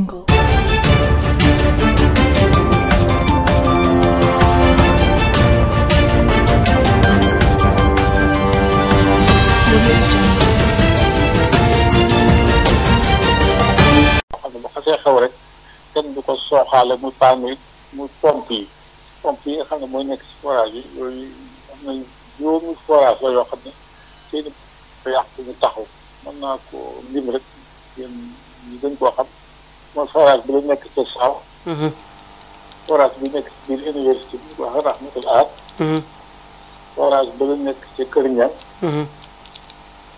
Angle. bu xasee xew rek kenn du ko sooxaale muy paan yi muy pompe yi pompe yi xam ne mooy nekk si forage yi yooyu am nañ juróomi la yoo xam ne seeni yàq ñu taxaw mën naa ko lim rek yéen gën koo xam mooy forage bi la nekk ca Sao. forage bi nekk ci biir université bi wax rahmatul aad. forage bi nekk ci Kër Ñan.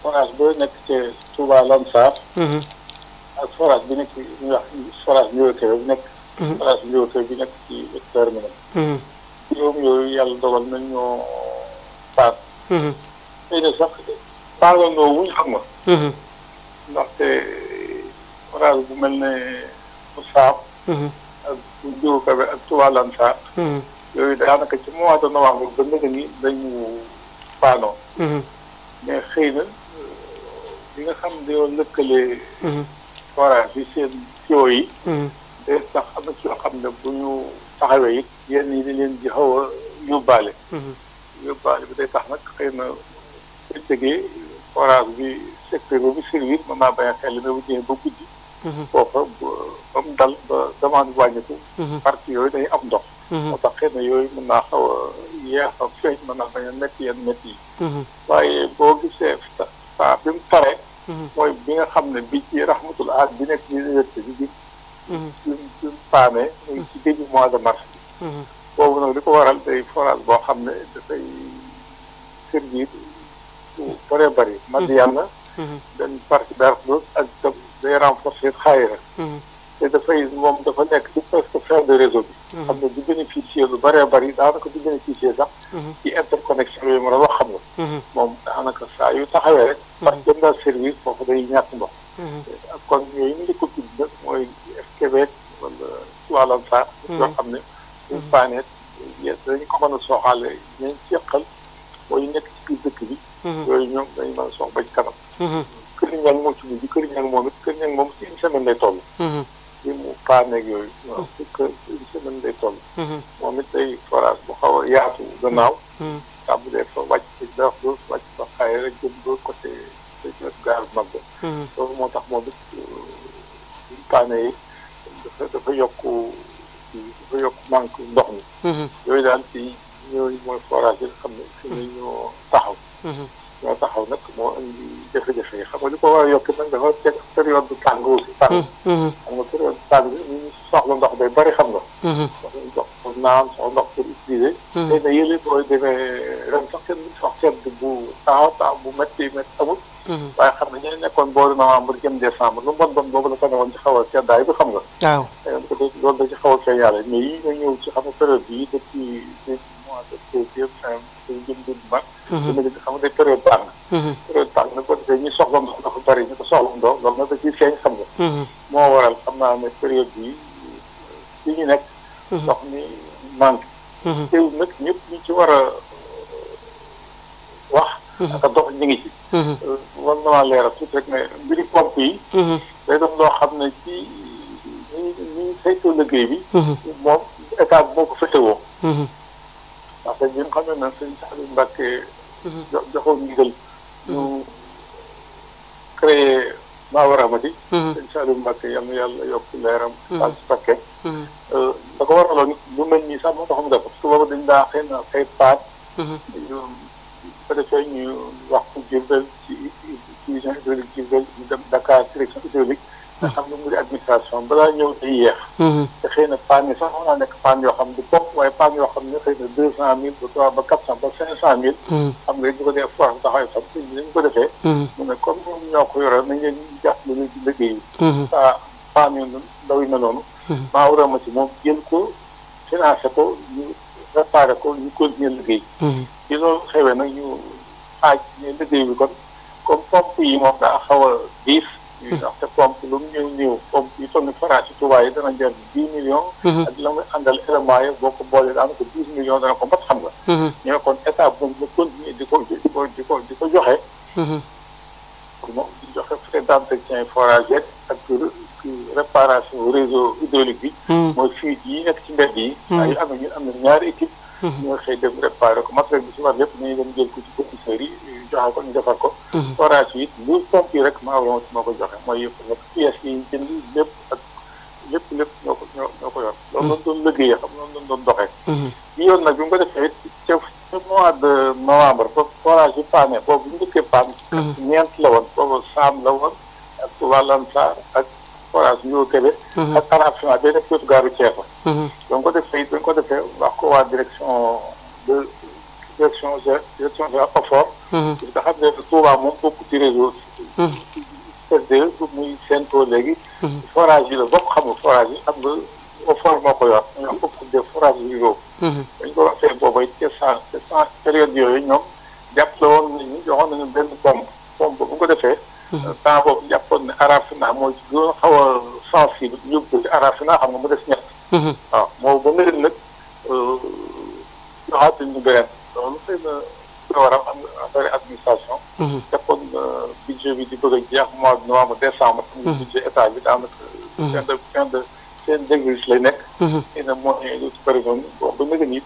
forage bi la nekk ca Touba Lansar. ak bi nekk ñu wax bi nekk. forage Ndiokere bi nekk ci hectare minam. juróom yooyu yàlla dogal nañ ñoo paat. xëy na sax paaloon nga wuñ xam nga. ndaxte. forage bu mel ne bu saab mhm. ak bu jurukabe ak Touba Lansar mhm. yooyu daanaka ci mois de novembre ba nëga ni dañu paanoo mhm. mais xëy na euh, li nga xam dañoo lëkkale forage yi seen tuyaux yi day tax am na ci yoo xam bu ñu taxawee it yi di leen di xaw a yóbbaale bi day tax nag xëy na bu tëgee bi secteur boobu servir mën naa bañ a xel mais bu Mhm. foofa ba mu dal ba demande wàññiku mhm. parti yooyu day am ndox mhm. moo tax yooyu mën naa a yeex a feeñ mën naa bañ a métti yenn métti yi waaye boo gisee bi mu paree mooy bi nga xam ne bi ci rahmatul aad bi nekk université bi bi bi mu paanee muy ci début mois de mars boobu nag li ko waral day forage boo xam ne dafay servir bu bëree bëri Madiana benn partie d'Arcos ak day renforcer xaayira hmm. te dafay moom dafa nekk ci presque fin de réseau bi hmm. xam di bénéficier lu bare bëri daanaka di bénéficier sax hmm. ci interconnexion yooyu ma doon wax xam nga moom daanaka saa yu taxawee rek parce que na service foofu day ñàkk ndox kon yooyu ñu ngi ko tudd nag mooy Québec wala wàllam saa yoo xam ne suñu paanee dañu ko mën a sooxaale ñañ seqal mooy nekk ci biir dëkk bi yooyu ñoom dañu mën a soox ba ci kanam kër yi ñaŋ moo ci mujj kër yi ñaŋ moom it kër yi ñaŋ moom ci une semaine lay toll. Mm-hmm. li mu yooyu. waaw ci kër une semaine lay toll. Mm-hmm. moom it ay forage bu xaw a yaatu gannaaw. Mm-hmm. tàmbalee fa wàcc wàcc fa xaay rek jëm ba côté moo tax moom it euh, paane yi dafa dafa yokk dafa yokk manque ndox mi. yooyu daal ci ñooñu mooy forage yi xam ne fi ñoo taxaw. moo taxaw nag moo indi jafe-jafe yi xam nga li ko war a yokk nag dafa teg période bi tàng aussi tàng xam nga période tàng bi ñu soxla ndox day bëri xam nga mm-hmm. soxla ndox pour naan soxla ndox pour utiliser tey mm-hmm. na yële booy demee ren sax kenn duñ sox sedd bu taxaw taxaw bu métti métti amul mm-hmm. waaye xam nga ñene nekkoon boori novembre jëm décembre lu bon bon boobu la ko newoon ci xaw a seddaay bi xam nga waaw loolu da ci xaw a feeñ yàlla mais yi nga ñëw ci xam nga période yi depuis mois de février jëm jëm mag. dina mhm. gën xam ne période tàng. Mhm. période tàng nag boo defee ñu soxla ndox dafa bëri ñu ko soxla ndox loolu nag da ciy xam nga. Mhm. moo waral xam naa ne période bii ñu nekk. ndox ci war a euh, wax. ak dox ñu ci. Euh, war na maa leeral tuuti rek ne mbiri pompe yi. day doon loo xam ne ci ñi ñi saytoo liggéey bi. moom état bi moo ko féetewoo. farata gi nga xam ne nag sëñ jo joxoon ndigal ñu créé Maou Rahmati sëñ Saliou Mbacké yal na yàlla yokk leeram daal si pakke da ko waraloon ñu mel nii sax moo tax mu def parce que boobu dañ daa xëy na ay paat ñu ba defee ñu wax fu Diourbel ci division hydraulique Diourbel nga xam ne mu di administration balaa ñëw day yeex mhm. te xëy na panne yi sax mën nekk panne yoo xam ne du bokk waaye panne yoo xam ne xëy na deux cent mille ba trois ba quatre cent ba cinq cent mille mhm. xam nga ñu ko def force taxaw sax ci ñu ko defee mhm. mu ne comme ñoom ñoo ko yore nañ leen jàpp lu ñu liggéey yi waa panne yu ndaw yi mel noonu maa war a ma ci moom jël ko financé ko ñu réparé ko ñu continuer liggéey ci loolu xewee nag ñu aaj ne liggéey bi kon comme pompe yi moom daa xaw a diis ñuy tax te pompe lu mu ñëw ñëw pompe yi toll ni forage ci Touba yi dana jar dix millions mhm. ak la muy àndal élément yi boo ko boolee daanaka douze millions dana ko mat xam nga mhm. ñu ne kon état bu mu continuer di ko di ko di ko di ko joxe moom di joxe frais d'entretien forage yeeg ak réparation réseau hydraulique bi mhm. mooy fuite yi nekk ci mbedd yi waaye am na ñun am na ñaari équipe ñoo xëy dem réparé ko matériel bi si war yëpp nañu dem jël ko ci producteurs yi joxe ko ñu defar ko mhm. forage yi it lu pompe yi rek maa joxe mooy yëpp nag pièces yi jënd lépp ak lépp lépp ñoo ko ñoo ñoo ko yor loolu lañ doon liggéeyee xam loolu lañ mhm. yoon nag bi mu ko defee ca ca mois de novembre foofu forage yi paane boobu bu njëkkee paan mhm. ñeent la woon boobu saam la woon ak wàllansaar ak forage yoo kebe ak arrangement benn pièce gaaru Thiès la donc ko defee dañ ko ko waa direction de direction direction de OFOR. Mhm. parce que xam nga Touba moom bokk ci réseau. Mhm. SDE muy Sen'Eau léegi. Mhm. forage yi la bokk xam nga forage yi xam nga OFOR moo ko yor ñoom bokk de forage yi ruraux. dañ ko waxee boobay ca cent ca cent période yooyu ñoom jàpp la woon nañu joxoon nañu benn pompe pompe bu ko defee. Euh, temps boobu jàppoon ne Arafina mooy ci gën a xaw a sensible yóbbu ko ci Arafina xam nga mu des ñett. waaw. programme am affaire administration. Mhm. te kon euh, budget bi di bëgg a jeex mois de novembre décembre. Mhm. budget état bi daanaka. fin de fin de seen dégluwis lay nekk. xëy na moo ñu lu par exemple bon ba nga nii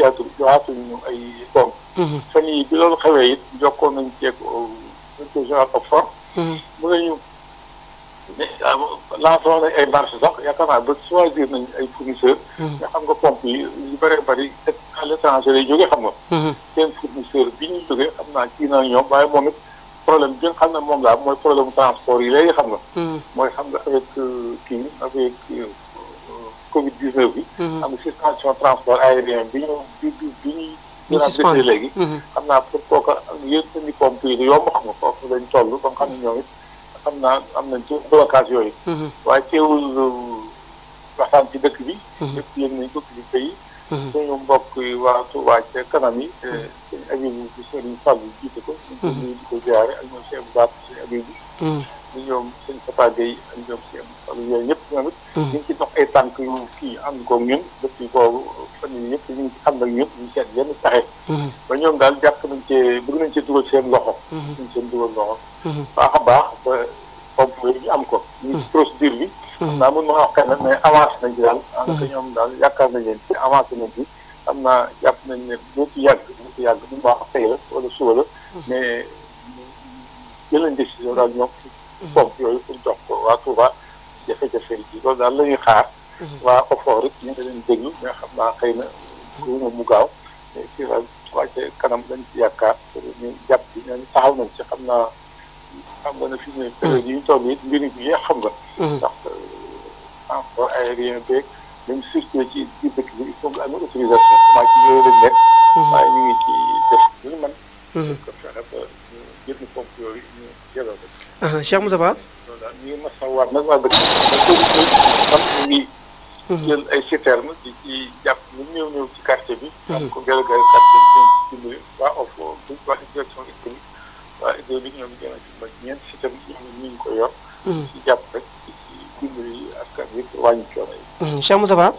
yaatu yaatuñu ay koom. Mhm. fan yii bi loolu xewee it jokkoon nañu ceeb au réseau général Ofor. lancé woon ay marché sax yaakaar naa ba choisir nañ ay fournisseur nga mm-hmm. xam nga pompe yi yu bëree bëri à l'étranger lay jógee xam nga mm-hmm. seen fournisseur bi ñu jógee xam naa kii na ñoom waaye moom it problème bi xam ne moom laa mooy problème transport yi léegi xam nga mm-hmm. mooy xam nga avec euh, kii avec euh, covid 19 bi am na suspension transport aérien bi ñu bi bi ñuy dina léegi xam naa pour kooka yéen seen i pompe yi du yomb xam nga foofu xam ne ñoom it am na am nañ ci blocage yooyu. Mhm. waaye teewul euh, waxtaan ci dëkk bi. Mhm. dëkk yëg nañ ko kilifa yi. suñu mbokk yi waa Touba ca kanam yi. Mhm. Eh, suñu abibu bi sëriñ Fàllu jiite ko. ñu di ko jaare ak ñoom baat suñu abibu di ñoom suñ Fapal Gueye ak ñoom si am yooyu ñëpp ñoom it. Mm-hmm. ñu ngi ci dox ay tànk yu kii am ko ñun depuis boobu fan yii yëpp ñu ngi ci ànd ak ñëpp ñu seet yenn pexe. Mm-hmm. ba ñoom daal jàpp nañ cee bëgg nañ cee dugal seen loxo. Mm-hmm. baax a baax ba pompe yooyu ñu am ko. ñu ci procédure bi. xam naa mën na wax kenn mais avancé nañ ci daal. daanaka ñoom daal yaakaar nañ leen ci avancé nañ ci. xam naa jàpp nañ ne boo ci yàgg boo ci yàgg bu mu wax tey la wala suba la mais jëlañ décision daal ñoom foofu yooyu pour jox ko waa Touba jafe-jafe ji loolu daal la xaar. Mhm. waa OFOR it ñu ngi leen déglu xam naa xëy na góobu mu gaaw ci la wàcce kanam lañ ci yaakaar ñu jàpp ci ci xam naa xam nga ne fi ñu. Mhm. période yi ñu toll it mbir yi xam nga. Mhm. ndax euh, transport aérien beeg même surtout ci ci dëkk bi il faut nga am autorisation. waaye ci yooyu lañ nekk. waaye ñu ngi ci def lu ñu comme ça nag ñu jënd pomp yooyu ñu jëlal ko. Cheikh Moussa Ba. loolu daal ñu ngi masawaat nag waa dëkk bi xam jël ay citerne di ci jàpp lu néew néew ci quartier bi. am ko gërëm gërëm quartier bi ñu ci dimbali waa OFO bu ñu waxee direction économique waa économique ñoom ñu gën a ci ba ñeent citerne ñu ngi ko yor. ci jàpp rek ci dimbali askan wi wàññi coono yi. Cheikh Moussa Ba.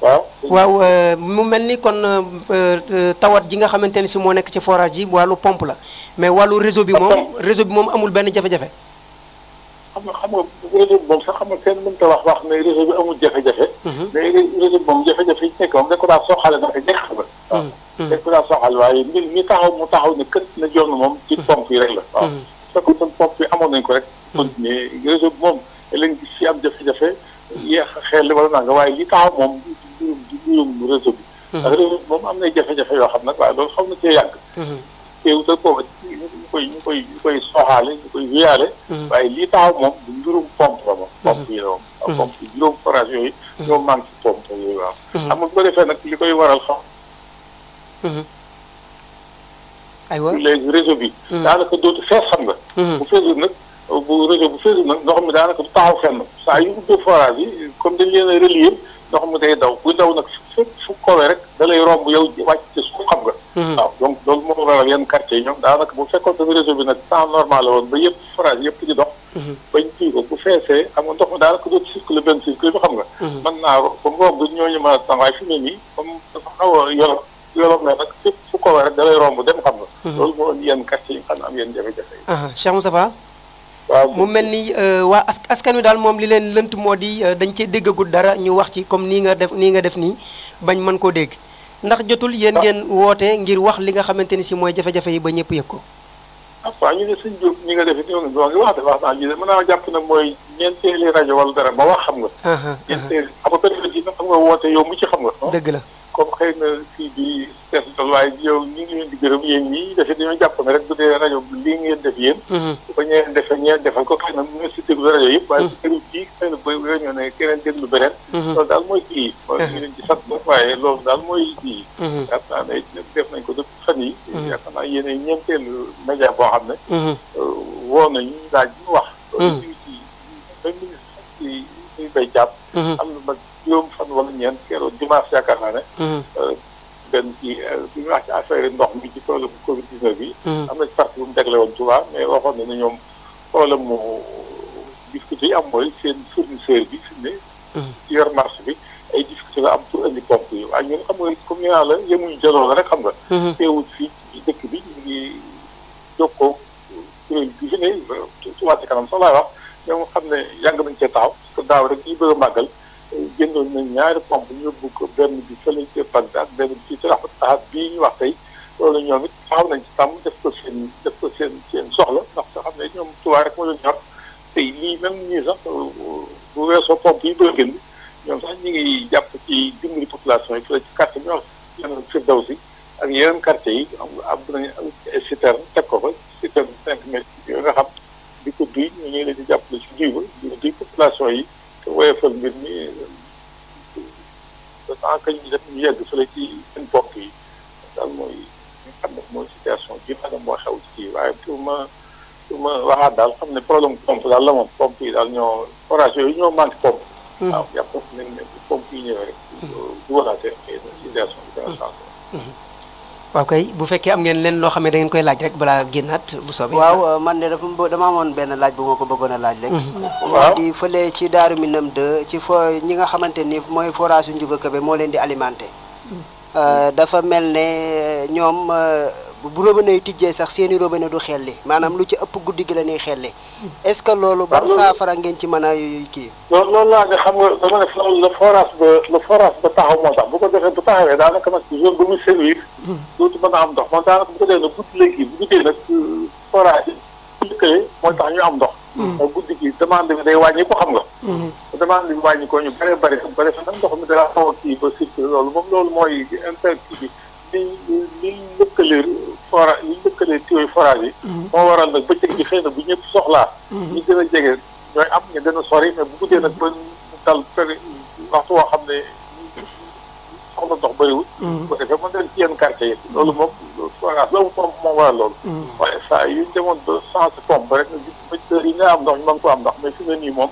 waaw waaw euh, mu mel ni kon euh, euh, tawat ji nga xamante ni si moo nekk ci forage ji wàllu pompe la mais wàllu réseau bi moom réseau bi moom amul benn jafe-jafe xam nga xam nga réseau bi moom xam nga kenn mënut a wax wax ne réseau bi amul jafe-jafe mhm. moom jafe-jafe yi ko daa soxale ndax nekk xam mhm. nga waaw da ko daa soxale waaye mbir mi taxaw mu taxaw ne kët na joon moom ci mhm. pompe yi rek la waaw sa ko son pompe amoon nañu ko rek continuer réseau bi moom si am jafe-jafe yéex xeel li wala naa nga waaye li taxaw moom mbirum ci mbirum réseau bi. ndax mhm. réseau bi moom am na jafe-jafe yoo xam nag waaye loolu xaw na cee yàgg. teew mhm. te booba ñu koy ñu koy ñu koy soxaale ñu koy wéyaale. Mhm. waaye lii taxaw moom du mbirum pompe la moom. pompe yi juróom forage yooyu. ñoo manqué pompe yooyu waaw. xam nga bu ko bi. daanaka dootu fees xam nga. bu feesul nag bu réseau bu nag ndox mi daanaka du taxaw fenn saa yu ubbee forage yi comme dañ leen a relier. ndox mu day daw bu daw nag fu kowee rek da lay romb yow wàcc ci suuf xam nga. Mhm. waaw donc loolu moo waral yenn quartier yi ñoom daanaka bu fekkoon dafa réseau bi nag temps normal la woon ba yëpp forage yëpp di dox. Mhm. bañ kii ko bu feesee am nga ndox mi daanaka mhm. mu a tànwaay a yoroon da lay romb dem xam nga. loolu moo indi yenn am yenn jafe-jafe yi. Ah, Cheikh Moussa waaw mu mel ni euh, waa askan wi daal moom li leen lënt moo di euh, dañ cee déggagul dara ñu wax ci comme nii nga def nii nga def nii bañ mën koo dégg ndax jotul yéen ngeen woote ngir wax li nga xamante ni si mooy jafe-jafe yi ba ñëpp yëg ko. ah waaw ñu ne suñ jóg ngi wax de wax jàpp ne mooy rajo wala dara ba wax xam nga. ñeenteel woote yow mu xam nga. dëgg la. comme xëy na kii bi def tolluwaay bi yow ñu ngi leen di gërëm yéen ñii defe dañoo jàpp ne rek bu dee rajo lii ngeen def yéen mm-hmm. ba ñeen defe ñeen defal ko xëy na mu ngi si déglu rajo yëpp waaye déglu mm-hmm. kii xëy na ba ñoo ne keneen déglu beneen mm-hmm. loolu daal mooy kii mooy ñu leen di sant ba waaye loolu daal mooy kii yaakaar naa ne def nañ ko def fan yi yaakaar ñeenteelu média boo xam ne euh, woo nañu laaj ñu wax loolu ñu ngi ci même ministre si ñuy bay jàpp juróom fan wala ñeent keroog dimanche yaakaar naa ne. Mm-hmm. Euh, benn ci euh, bi wax ci affaire yi ndox mi ci problème Covid 19 bi. Mm-hmm. am na ci parti bu mu tegle woon Touba mais waxoon na ne bi fi ne. Mm-hmm. ci yor marché bi ay difficulté la am pour indi pompe yi waaye ñun xam nga comme ñu la yemuñu jaloo la rek xam nga. teewul fii ci dëkk bi ñu ngi jokkoo kuréel bi fi ne Touba ci kanam sax laay wax ñoom xam ne yàgg nañ cee taxaw parce que daaw rek ñu bëgg a jëndoon nañ ñaari pompe yóbbu ko benn bi fële ca Bagdad benn bi ci Siraat Ahad ñu wax tey loolu ñoom it taxaw nañ ci tàmm def ko seen def ko seen seen soxla ndax soo xam ne ñoom Tuubaa rek moo leen ñor te lii même ñii sax bu weesoo pompe yi bëgg bi ñoom sax ñu ngi jàpp ci dimbali population yi fële ci quartier bi ñoo xam Firdawsi ak yeneen quartier yi am am nañu teg ko fa citerne cinq mètres yooyu nga xam di ko duy ñu ngi leen di jàppale ci diiba di population yi woyofal mbir mi le temps que ñu def ñu yegg fële ci seen bopp yi daal mooy ñu xam ne mooy situation bi nga xam moo xew ci kii waaye ma pour ma waxaat daal xam ne problème pompe daal la moom pompe yi daal ñoo forage yooyu ñoo manque pompe. Hmm. waaw yàlla pompe nañ ne pompe yi ñëwee rek. du waxaatee xëy na situation bi dana hmm. changé. waaw kay bu fekkee am ngeen leen loo xam ne da ngeen koy laaj rek balaa génnaat bu soobee. waaw man de dafa dama amoon benn laaj bu ma ko bëggoon a laaj rek. Mhm. waaw di fële ci Daaru Minam 2 ci fo ñi nga xamante ni mooy forage su Ndiouga Kébé moo leen di alimenté. Mhm. Euh, dafa mel ne ñoom. Euh, bu robinet yi tijjee sax seeni robinet du xelli maanaam lu ci ëpp guddi gi la ñuy xelli est-ce que loolu ban saafara ngeen ci mën a kii loolu loolu laa ne xam nga dama ne loolu la forage ba la forage ba taxaw moo tax bu ko defee bu taxawee daanaka nag zone ba muy servir dootu mën a am ndox man daanaka bu ko defee nag guddi léegi bu guddee nag euh, forage yi lëkkale mooy tax ñu am ndox ak hmm. guddi gi demande bi day wàññi ko xam nga hmm. demande bi wàññi ko ñu bëree bëri bëri fa nag ndox mi dara xaw a kii ba circulé loolu moom loolu mooy interkii li li fora ñu dëkkalee yi mhm. na bu ñëpp soxlaa mhm. ñu gën a jege ñooy am ñu gën a sori mais bu guddee ba mhm. mu dal peri waxtu woo xam ne soxla ndox bëriwul bu defee mën yi nga am ndox ñu mën ko am ndox mais fi mu nii moom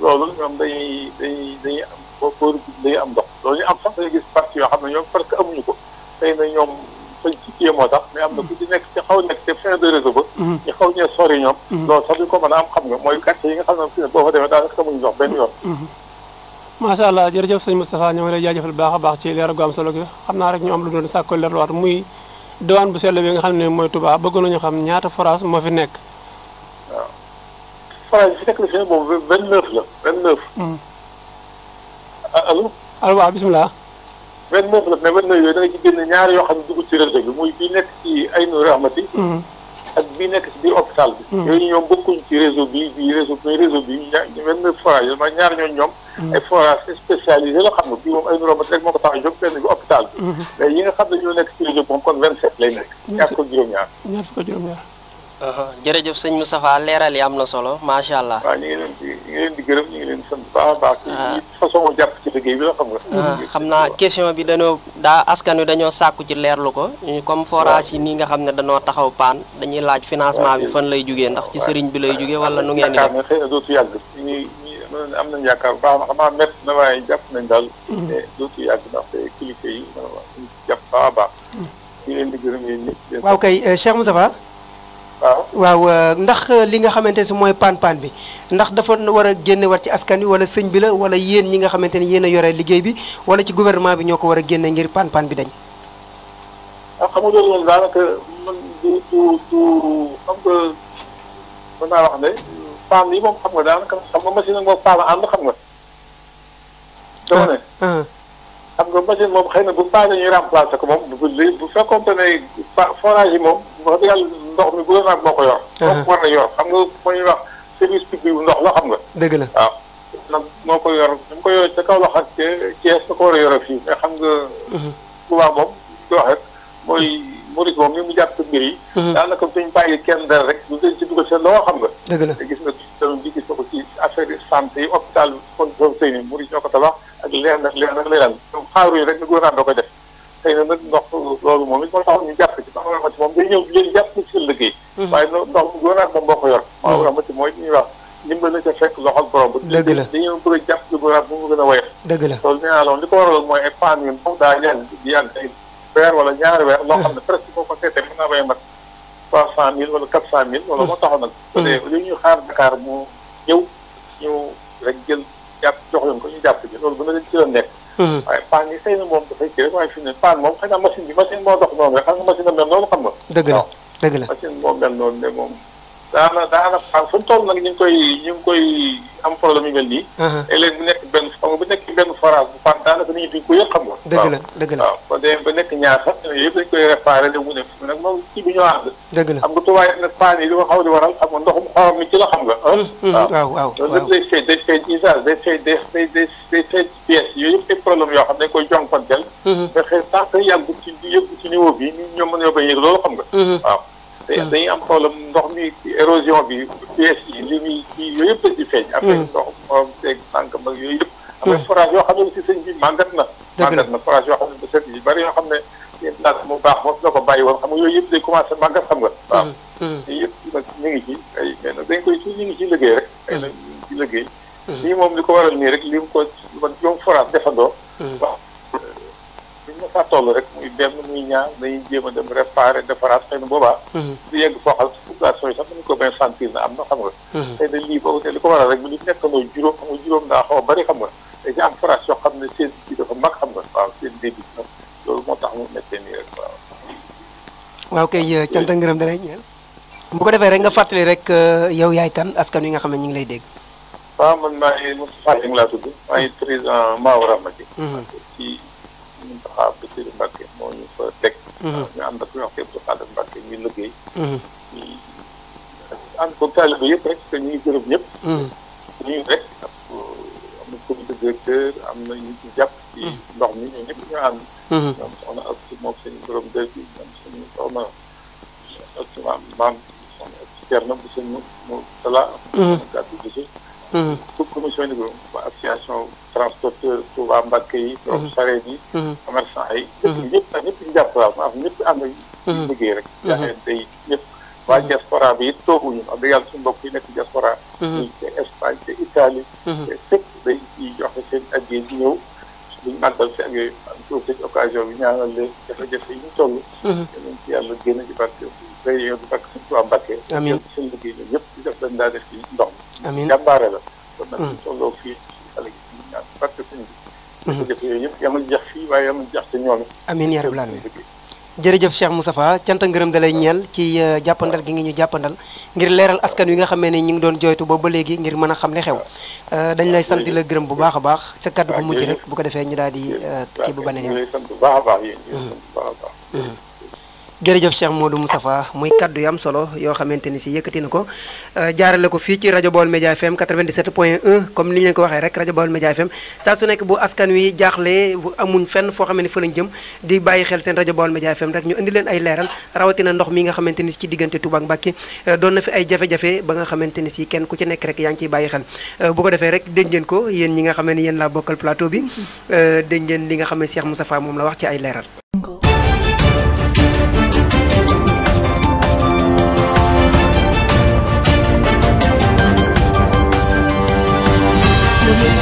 loolu ñoom dañuy dañuy dañuy am boo am ndox loolu am sax dañuy gis yoo xam ne ñoom parce que amuñu ko xëy na ñoom fañ ci moo tax mais am na ku ci nekk ci xaw nekk ci fin de réseau ba mm-hmm. ñu xaw ñee sori ñoom mm-hmm. loolu sax duñ ko mën a am xam nga mooy quartier yi nga xam ne fi ne boo fa demee daanaka xamuñu ndox benn yoon mm-hmm. macha jërëjëf sëñ Moustapha ñoo ngi lay jaajëfal baax a baax ci leer gu am solo gi xam naa rek ñu am lu doon sàkko leerluwaat muy diwaan bu sell bi nga xam ne mooy Touba bëgg nañu xam ñaata forage moo fi nekk waaw forage nekk la fi ne moom vingt neuf la vingt neuf allo allo waaw vingt neuf la mais vingt neuf yooyu da nga ci génne ñaar yoo xam ne dugg ci réseau bi muy bii nekk ci ay nu rahmati mm-hmm. ak bii nekk ci biir hôpital bi mm-hmm. yooyu ñoom bokkuñ ci réseau bi bii réseau mais réseau bi vingt neuf forage ma ñaar ñooñu ñoom mm-hmm. ay forage spécialisé la xam nga bii moom ay nu rahmati moo ko tax a benn bi hôpital bi mais yi nga xam ne ñoo nekk ci réseau bi moom kon vingt sept lay nekk ñaar ko juróom-ñaar jërëjëf sëñ Moustapha leeral yi am na solo macha allah. waaw ñu ah. ci liggéey bi xam nga. Ah, xam naa question bi dañoo daa askan wi dañoo sàkku ci leerlu ko. comme forage yi nii nga xam ne dañoo taxaw paan dañuy laaj financement bi fan lay jugee ndax ci sëriñ bi lay jugee wala nu ngeen di. yaakaar ne dootu yàgg am na xam naa métti waaye jàpp nañ daal. Mm-hmm. mais mm-hmm. waaw kay euh, Cheikh Moustapha waaw euh, ndax euh, li nga xamante si mooy paan-paan bi ndax dafa war a génne war ci askan wi wala sëñ bi la wala yéen ñi nga xamante ni yéen a yore liggéey bi wala ci gouvernement bi ñoo ko war a génne ngir paan-paan bi dañ ah, xam nga loolu moom daanaka man moom xam nga daanaka xam nga machine ak moom paan xam nga ah, ah. nga machine moom xëy na bu paan ñuy remplacé ko moom bu fekkoon ne yi moom ndox mi gouvernement bi moo ko yor. ndox war na yor xam nga moo ñuy wax service public bu ndox la xam nga. dëgg la waaw nag moo ko yor ni mu ko yoree ca Kaolack ak Thiès da ko war a xam nga. Touba moom li wax rek mooy Maurice mu jàpp mbir yi. daanaka duñ bàyyi kenn dara rek ñu leen ci dugal seen loo xam nga. dëgg la te gis nga tamit bi gis nga ko ci affaire santé yi hôpital bi kon boobu tey nii Maurice ñoo ko tabax ak lenn ak lenn ak lenn donc xaaruñu rek ne gouvernement doo koy def. xëy na nag ndox loolu moom it moo tax ñu jàpp ci ndox mu raxas moom day ñëw di leen jàpp ci seen liggéey. Mhm. waaye ndox mu gën a moom boo ko yor. Mhm. waaw raxas mooy li ñuy wax ndimbal na ca fekk loxol borom. dëgg la jàpp ci góor bu mu gën a wéyal. dëgg la loolu nee naa loolu li ko waraloon mooy ay paan yu ndaw daa di yàgg ay weer wala ñaari weer. loo xam ne mhm. presque boo ko seetee mën naa bay mat trois cent mille wala quatre cent mille. moo taxoon nag. li ñuy xaar Dakar mu ñëw ñu rek jël jàpp jox ko ñu jàpp ji loolu bu na leen ci doon nekk waaye paan yi xëy na moom dafay kii rek waaye fi ne paan moom xëy na machine bi machine moo dox noonu rek xam nga machine am mel noonu xam dëgg dëgg daana daana paan fu mu toll nag ñu ngi koy ñu ngi koy am problème yu mel nii. Uh-huh. léeg-léeg bu nekk benn xam nga bu nekk benn forage bu paan daanaka nit ñi duñ ko yëg xam nga. dëgg la dëgg la waaw kon demee ba nekk ñaar sax yëpp dañ koy réparé léegi mu ne nag moom kii bi ñoo ko xaw di waral xam nga ndoxum xorom mi ci la xam nga. Mm-hmm. Mm-hmm. waaw waaw loolu lépp a waaw Hmm. dañuy am problème ndox mi érosion bi pièces yi li muy kii yooyu yëpp da ci feeñ. Hmm. après ndox moom teg yooyu yëpp. Hmm. après forage yoo xam ne si sëñ bi màggat na. màggat na forage yoo xam ne set yi bari yoo xam ne place mu baax moom la ko bàyyi woon xam nga yooyu yëpp day commencé màggat xam nga. waaw yooyu nag ñu ngi ci ay mais nag dañ ci liggéey rek. ay na ñu ci liggéey. lii moom li ko waral nii rek li mu ko man juróom forage defandoo. waaw ma faa toll rek muy benn muy ñaar dañuy jéem a dem réparé defaraat xëy na boobaa. Mhm. du yegg foo xam population yi sax dañu ko bañ sentir na am na xam nga. xëy mhm. lii boobu li ko waral rek bu ñu nekkandoo juróom juróom daa xaw a bari xam nga dañuy am loolu moo tax mu méttee nii rek waaw. waaw kay euh, cant ak ngërëm danañ bu ko defee rek nga fàttali rek euh, yow yaay kan askan wi nga xam ne ñu ngi lay dégg. waaw man maa ngi Moustapha Dieng laa tudd maa ngi président Maodo Rahmati. ci Mountakha Bassirou Mbacké moo ñu fa teg. ñu ànd ak ñoo xam ne Mountakha Mbacké ñu liggéey. ñu ànd ko taalibe yëpp rek te ñu ngi gërëm ñëpp. ñu rek am na comité directeur am na ñu ci jàpp. ndox mi ñun ñëpp ñu ànd. ñoom soxna ak si moom seen borom dër bi ñoom suñu soxna si maam maam soxna ak si Thierno bu sëñ Mourtala. gàtt bi Mm-hmm. pour commission bu association transporteur Touba Mbacke yi. Mm-hmm. donc sareet yi. Mm-hmm. commerçant yi. ñëpp ñëpp ñu jàpp daal maanaam ñëpp ànd ak liggéey rek. jaxee day ñëpp waa diaspora bi it tooguñu wax dëgg yàlla suñu mbokk yi nekk diaspora. te Espagne te Italie. te fépp day ciy joxe seen addiya yi ñëw. buñu màggal si ak yooyu am profité occasion bi ñaanal leen jafe-jafe yi ñu toll. danañ ñu def dañ daa def ci ndox. amiin jàmbaare la. Mm. kon nag ñu tolloo fii ci xale gi ñu ñaan parce que suñu bi. Mm-hmm. ci ñoom. jërëjëf Cheikh Moustapha cant ngërëm da ñeel ci euh, jàppandal gi nga ñu jàppandal ngir leeral askan wi nga xamee ni ñu ngi doon jooytu boobu ba léegi ngir mën a xam li xew ah. euh, dañ lay sant di la gërëm bu baax a ah, baax sa kàddu bu mujj rek bu ko defee ñu daal di euh, kii bu baneen yi. jërëjëf Cheikh Modou Moustapha muy kàddu yu am solo yoo xamante ni si yëkkati na ko euh, jaarale ko fii ci rajo Baol Média FM 97 point comme ni ñu leen ko waxee rek rajo Baol Média FM saa su askan wi jaaxlee amuñ fenn foo xam ne fa lañ jëm di bàyyi xel seen rajo Baol Média FM rek ñu indi leen ay leeral rawatina ndox mi nga xamante ni ci diggante Touba ak Mbacké euh, doon na fi ay jafe-jafe ba nga xamante ni si kenn ku ci nekk rek yaa ngi ciy bàyyi xel euh, bu ko defee rek dégg ngeen ko yéen ñi nga xam ne yen laa bokkal plateau bi dégg ngeen li nga xam ne Cheikh Moustapha moom la wax ci ay leeral Thank you.